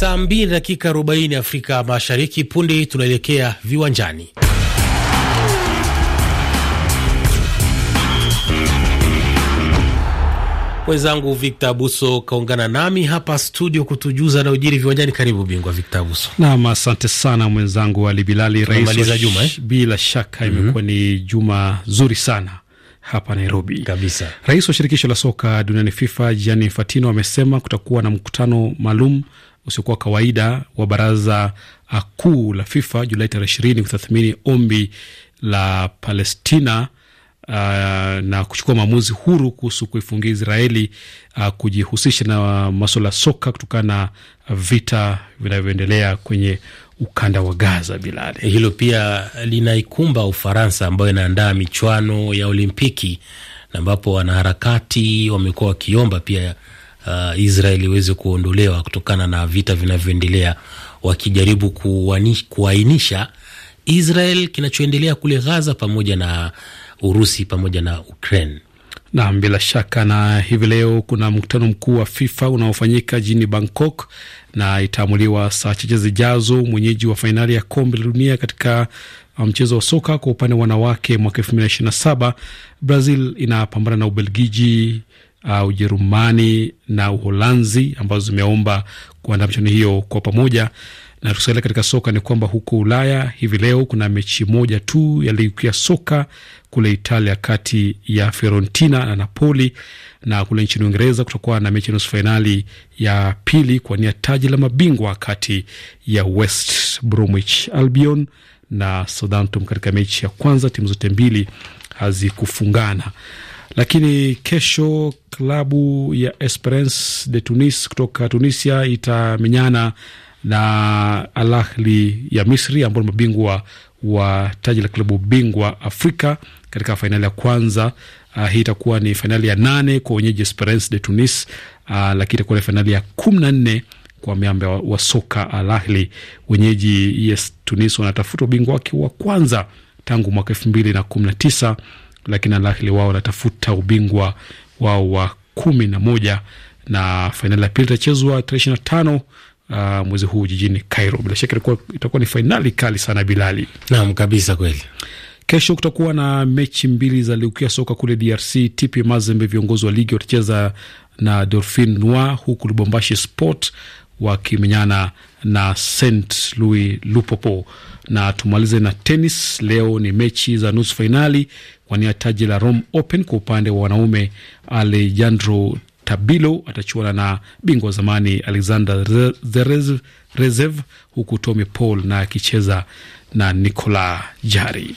Saa 2 dakika 40 Afrika Mashariki. Punde tunaelekea viwanjani. Mwenzangu Victor Abuso kaungana nami hapa studio kutujuza na ujiri viwanjani. Karibu bingwa Victor Abuso. Naam, asante sana mwenzangu Ali Bilali. Rais juma eh? bila shaka mm -hmm. imekuwa ni juma zuri sana hapa Nairobi kabisa. Rais wa shirikisho la soka duniani FIFA Gianni Infantino amesema kutakuwa na mkutano maalum usiokuwa kawaida wa baraza uh, kuu la FIFA Julai tarehe ishirini kutathmini ombi la Palestina uh, na kuchukua maamuzi huru kuhusu kuifungia Israeli uh, kujihusisha na maswala ya soka kutokana na vita vinavyoendelea kwenye ukanda wa Gaza. Bilal, hilo pia linaikumba Ufaransa ambayo inaandaa michuano ya Olimpiki ambapo wanaharakati wamekuwa wakiomba pia uh, Israel iweze kuondolewa kutokana na vita vinavyoendelea, wakijaribu kuainisha Israel kinachoendelea kule Gaza pamoja na Urusi pamoja na Ukraine. Nam, bila shaka. Na hivi leo kuna mkutano mkuu wa FIFA unaofanyika jijini Bangkok na itaamuliwa saa chache zijazo mwenyeji wa fainali ya kombe la dunia katika uh, mchezo wa soka kwa upande wa wanawake mwaka elfu mbili na ishirini na saba. Brazil inapambana na Ubelgiji uh, Ujerumani na Uholanzi ambazo zimeomba kuandaa michuano hiyo kwa pamoja. Na tukisalia katika soka ni kwamba huko Ulaya hivi leo kuna mechi moja tu ya ligi kuu ya soka kule Italia kati ya Fiorentina na Napoli, na kule nchini Uingereza kutakuwa na mechi nusu fainali ya pili kuwania taji la mabingwa kati ya West Bromwich Albion na Southampton. Katika mechi ya kwanza timu zote mbili hazikufungana. Lakini kesho klabu ya Esperance de Tunis kutoka Tunisia itamenyana na Al ya Misri ambao ni mabingwa wa taji la klabu bingwa Afrika katika fainali ya kwanza. Uh, hii itakuwa ni fainali ya nane kwa wenyeji Esperance de Tunis, uh, lakini itakuwa ni fainali ya kumi na nne kwa miamba wa, wa soka. Al wenyeji yes, Tunis wanatafuta ubingwa wake wa kwanza tangu mwaka elfu mbili na kumi na tisa lakini Al wao wanatafuta ubingwa wao wa kumi na moja na fainali ya pili itachezwa tarehe ishirini na tano uh, mwezi huu jijini Cairo. Bila shaka itakuwa ni fainali kali sana, Bilali. Naam, kabisa kweli. Kesho kutakuwa na mechi mbili za ligi ya soka kule DRC. TP Mazembe, viongozi wa ligi, watacheza na Dorfin Noir, huku Lubumbashi Sport wakimenyana na St Louis Lupopo. Na tumalize na tenis. Leo ni mechi za nusu fainali kwania taji la Rome Open kwa upande wa wanaume, Alejandro Tabilo atachuana na bingwa wa zamani Alexander Zverev, huku Tommy Paul na akicheza na Nicola Jari.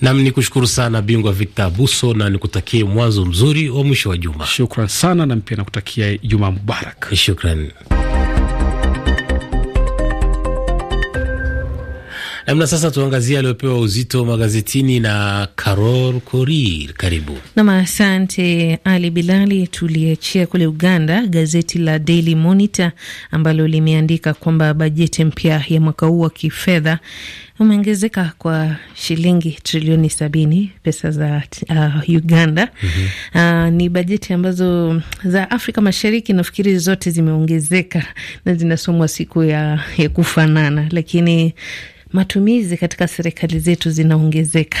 Nam ni kushukuru sana bingwa Victor Abuso na nikutakie mwanzo mzuri wa mwisho wa juma. Shukran sana, na pia nakutakia Juma Mubarak. Shukran. Namna sasa, tuangazie aliyopewa uzito magazetini na Carol Korir. Karibu nam. Asante Ali Bilali. Tuliachia kule Uganda gazeti la Daily Monitor ambalo limeandika kwamba bajeti mpya ya mwaka huu wa kifedha umeongezeka kwa shilingi trilioni sabini pesa za uh, Uganda. mm -hmm. Uh, ni bajeti ambazo za Afrika Mashariki nafikiri zote zimeongezeka na zinasomwa siku ya, ya kufanana, lakini matumizi katika serikali zetu zinaongezeka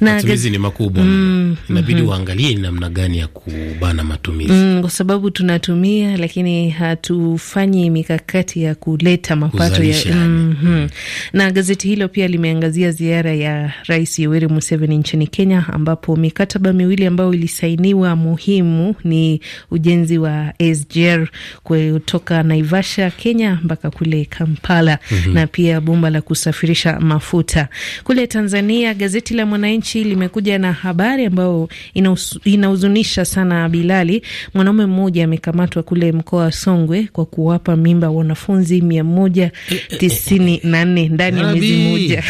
na matumizi ni makubwa, mm, inabidi mm -hmm. waangalie ni namna gani ya kubana matumizi mm, kwa sababu tunatumia lakini hatufanyi mikakati ya kuleta mapato ya, mm -hmm. mm. Na gazeti hilo pia limeangazia ziara ya Rais Yoweri Museveni nchini Kenya, ambapo mikataba miwili ambayo ilisainiwa muhimu ni ujenzi wa SGR kutoka Naivasha, Kenya mpaka kule Kampala mm -hmm. na pia bomba la kusafirisha mafuta kule Tanzania. Gazeti la Mwananchi limekuja na habari ambayo inahuzunisha sana Bilali. Mwanaume mmoja amekamatwa kule mkoa wa Songwe kwa kuwapa mimba wanafunzi mia moja tisini na nne ndani ya mwezi mmoja.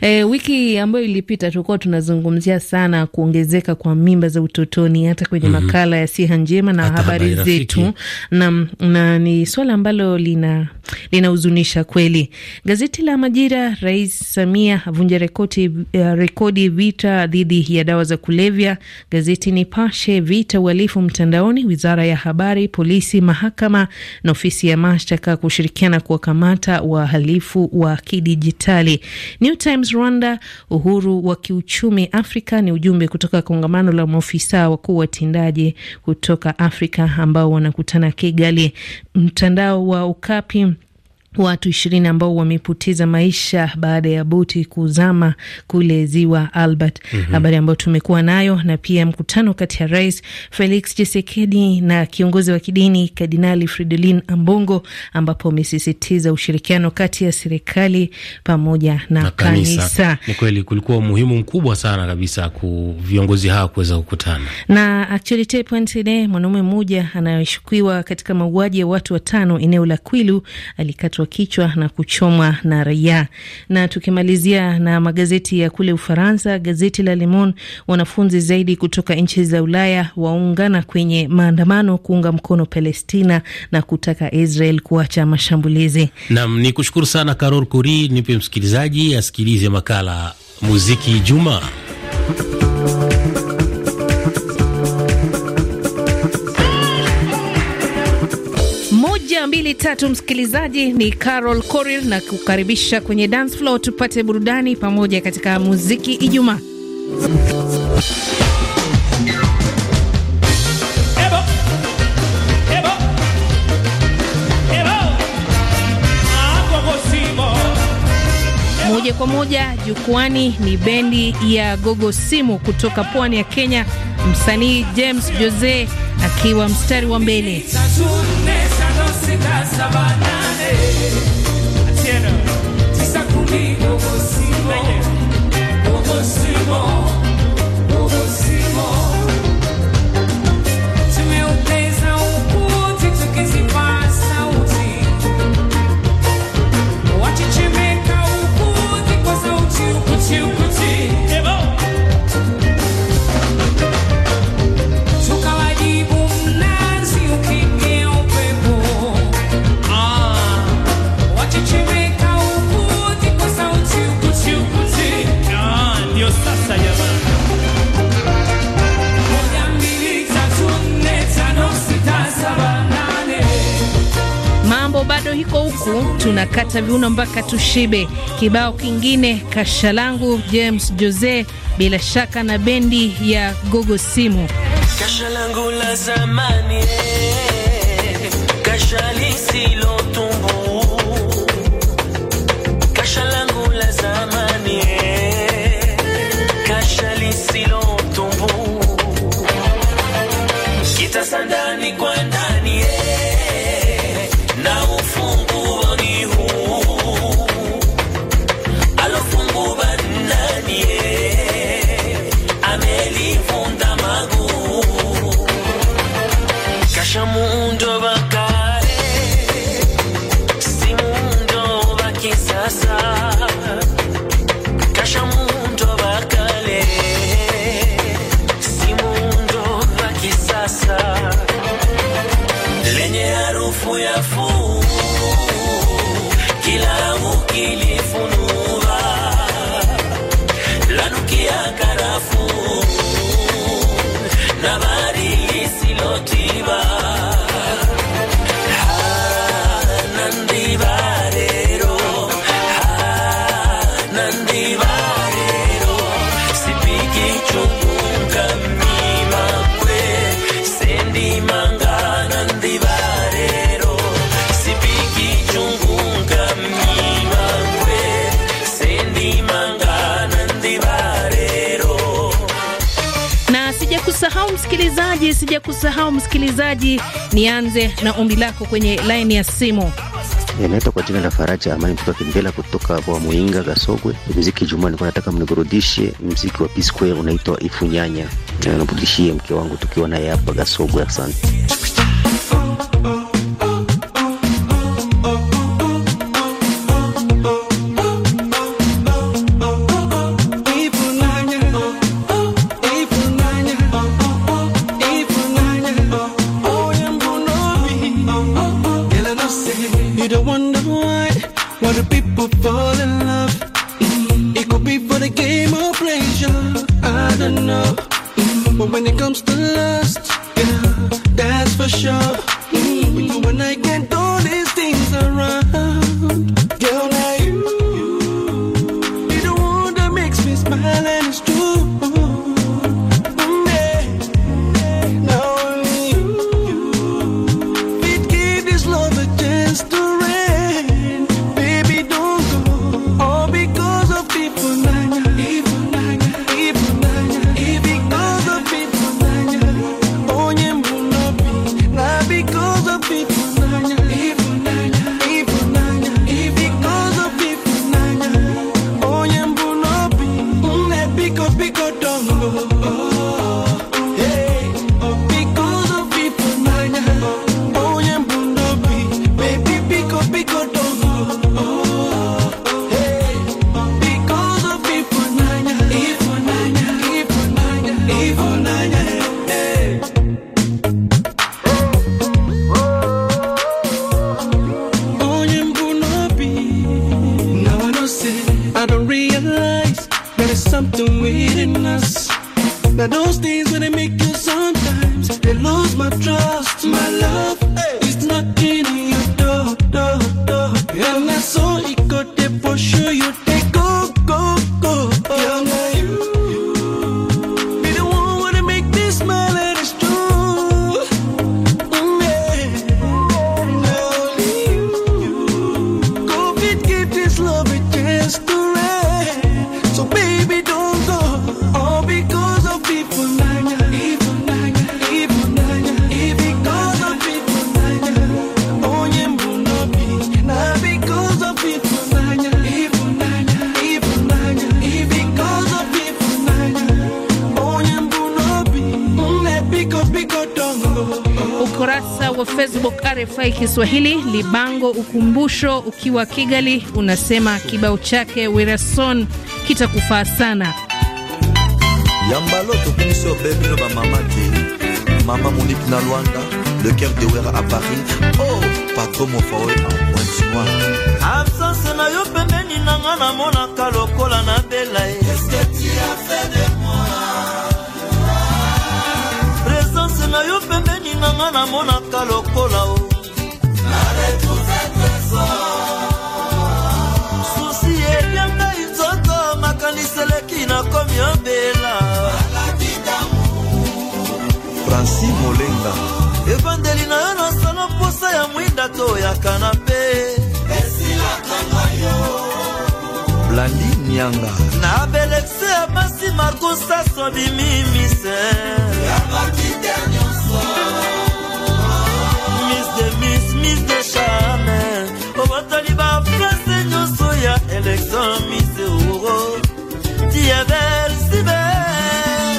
E, wiki ambayo ilipita tulikuwa tunazungumzia sana kuongezeka kwa mimba za utotoni hata kwenye mm -hmm. makala ya Siha Njema na hata habari zetu na, na ni swala ambalo lina linahuzunisha kweli. Gazeti la Majira, Rais Samia avunja rekodi uh, rekodi vita dhidi ya dawa za kulevya. Gazeti Nipashe, vita uhalifu mtandaoni, wizara ya habari, polisi, mahakama na ofisi ya mashtaka kushirikiana kuwakamata wahalifu wa kidijitali. New Times Rwanda, uhuru wa kiuchumi Afrika ni ujumbe kutoka kongamano la maofisa wakuu watendaji kutoka Afrika ambao wanakutana Kigali. Mtandao wa Ukapi watu ishirini ambao wamepoteza maisha baada ya boti kuzama kule ziwa Albert. mm -hmm. Habari ambayo tumekuwa nayo na pia mkutano kati ya Rais Felix chisekedi na kiongozi wa kidini Kardinali Fridolin Ambongo, ambapo wamesisitiza ushirikiano kati ya serikali pamoja na, na kanisa. ni kweli kulikuwa umuhimu mkubwa sana kabisa ku viongozi hawa kuweza kukutana na mwanaume mmoja anayeshukiwa katika mauaji ya watu watano eneo la Kwilu alikatwa kukatwa kichwa na kuchomwa na raia. Na tukimalizia na magazeti ya kule Ufaransa, gazeti la Le Monde, wanafunzi zaidi kutoka nchi za Ulaya waungana kwenye maandamano kuunga mkono Palestina na kutaka Israel kuacha mashambulizi. Nam ni kushukuru sana Carol Kuri. Nipe msikilizaji asikilize makala muziki Juma moja mbili tatu, msikilizaji ni Carol Coril na kukaribisha kwenye dance floor, tupate burudani pamoja katika muziki Ijumaa. Moja kwa moja jukwani ni bendi ya Gogo Simu kutoka pwani ya Kenya, msanii James Jose akiwa mstari wa mbele. Tisa comigo, Simon. Como Simon. hiko huku tunakata viuno mpaka tushibe. Kibao kingine kasha langu James Jose, bila shaka na bendi ya Gogo Simu. Kasha langu la zamani, eh, kasha lisilo msikilizaji, kusahau msikilizaji. Nianze na ombi lako kwenye laini ya simu. Inaitwa kwa jina la Faraja Amani mtoto Kimbela kutoka kwa Muinga Gasogwe. Muziki Jumaa, nilikuwa nataka mnigurudishe muziki wa p unaitwa Ifunyanya, naburudishie mke wangu tukiwa naye hapa Gasogwe. Asante. don't go. kwa Facebook RFI Kiswahili. Libango ukumbusho ukiwa Kigali unasema kibao chake Wirason kitakufaa sana yambalo tokuniso bebino bamamati mama Monique na Luanda le cœur de Wera à Paris oh pas trop mon mofaoe en point de moi. absence na yo pembeni nanga mona kalokola na Qu'est-ce que tu as fait de na yo pembeni nganga namonaka lokola o susi ebia ngai nzoto makanisi eleki nakomi obela franci molenga ebandeli na yo nasala posa ya mwinda to ya kanape blandi nianga na belekse ya basi marko saso bimi mise miss de miss miss de charme obotoli oh, bafrase nyonso ya elektion miss euro tiabel sibel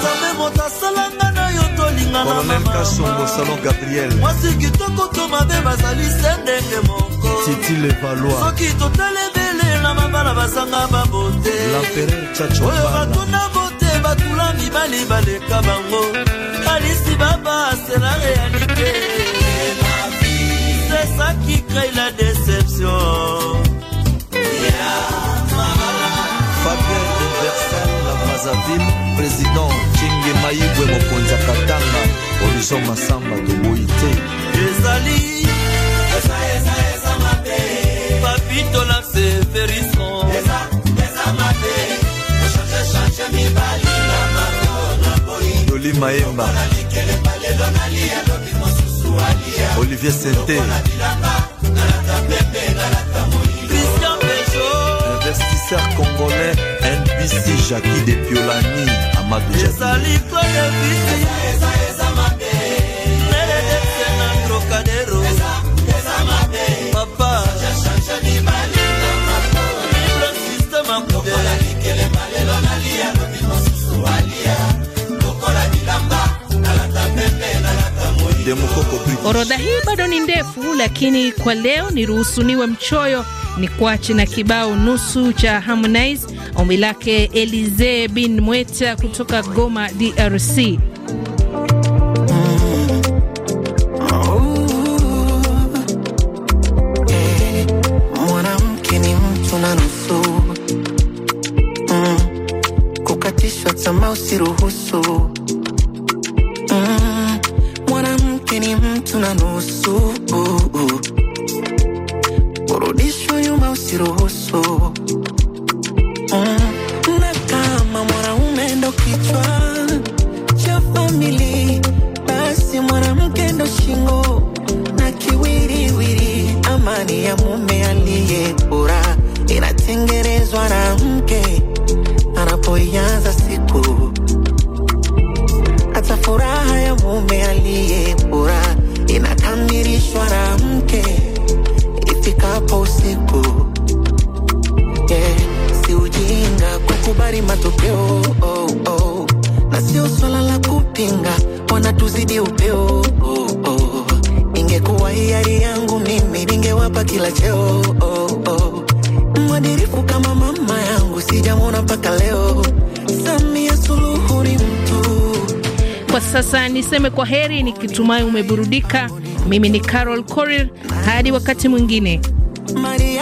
nzambe moto asalanga na yo tolinganaasongo gabriel mwasi kitoko to mabe bazali se ndenge moko titi levaloi soki totalebele na mabala basanga babote oyo batuna batula mibali baleka bango alisi baba sela réalité c'est ça qui crée la déception fabien de versen la brazzaville président kinge maibwe mokonzi akatanga horizon masamba toboyi te ezali mayemba olivier sente investisseur congolais nbc jaki de piolani amadouezali koyebisi Orodha hii bado ni ndefu, lakini kwa leo niruhusu niwe mchoyo ni kuache na kibao nusu cha Harmonize, ombi lake Elize bin Mweta kutoka Goma, DRC. Mm. usiruhusu upeo oh, oh, oh. na sio swala la kupinga, wanatuzidi upeo oh, oh. Ingekuwa hiari yangu mimi ningewapa kila cheo oh, oh. Mwadirifu kama mama yangu sijamwona mpaka leo. Samia Suluhu ni mtu. Kwa sasa niseme kwa heri, nikitumai umeburudika. Mimi ni Carol Korir, hadi wakati mwingine Maria.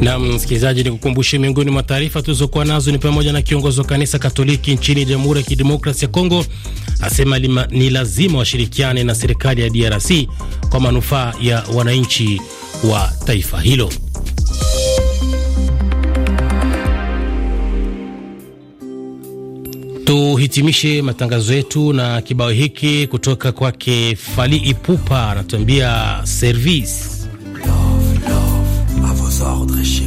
nam msikilizaji, ni kukumbushe miongoni mwa taarifa tulizokuwa nazo ni pamoja na kiongozi wa kanisa Katoliki nchini Jamhuri ya kidemokrasi ya Kongo asema lima, ni lazima washirikiane na serikali ya DRC kwa manufaa ya wananchi wa taifa hilo. Tuhitimishe matangazo yetu na kibao hiki kutoka kwake Fali Ipupa, anatuambia service très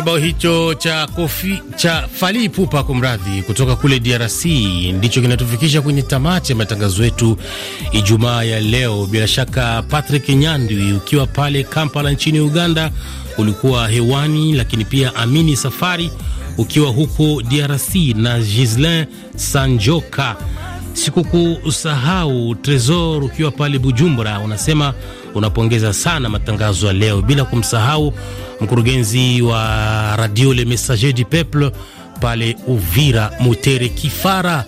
kibao hicho cha kofi cha Fali Pupa kumradhi, kutoka kule DRC ndicho kinatufikisha kwenye tamati ya matangazo yetu Ijumaa ya leo. Bila shaka, Patrick Nyandwi, ukiwa pale Kampala nchini Uganda, ulikuwa hewani, lakini pia Amini Safari ukiwa huko DRC na Gislin Sanjoka, siku usahau Tresor ukiwa pale Bujumbura, unasema unapongeza sana matangazo ya leo, bila kumsahau mkurugenzi wa Radio Le Messager du Peuple pale Uvira, Mutere Kifara.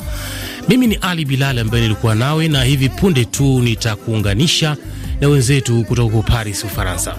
Mimi ni Ali Bilal ambaye nilikuwa nawe na hivi punde tu nitakuunganisha na wenzetu kutoka Paris, Ufaransa.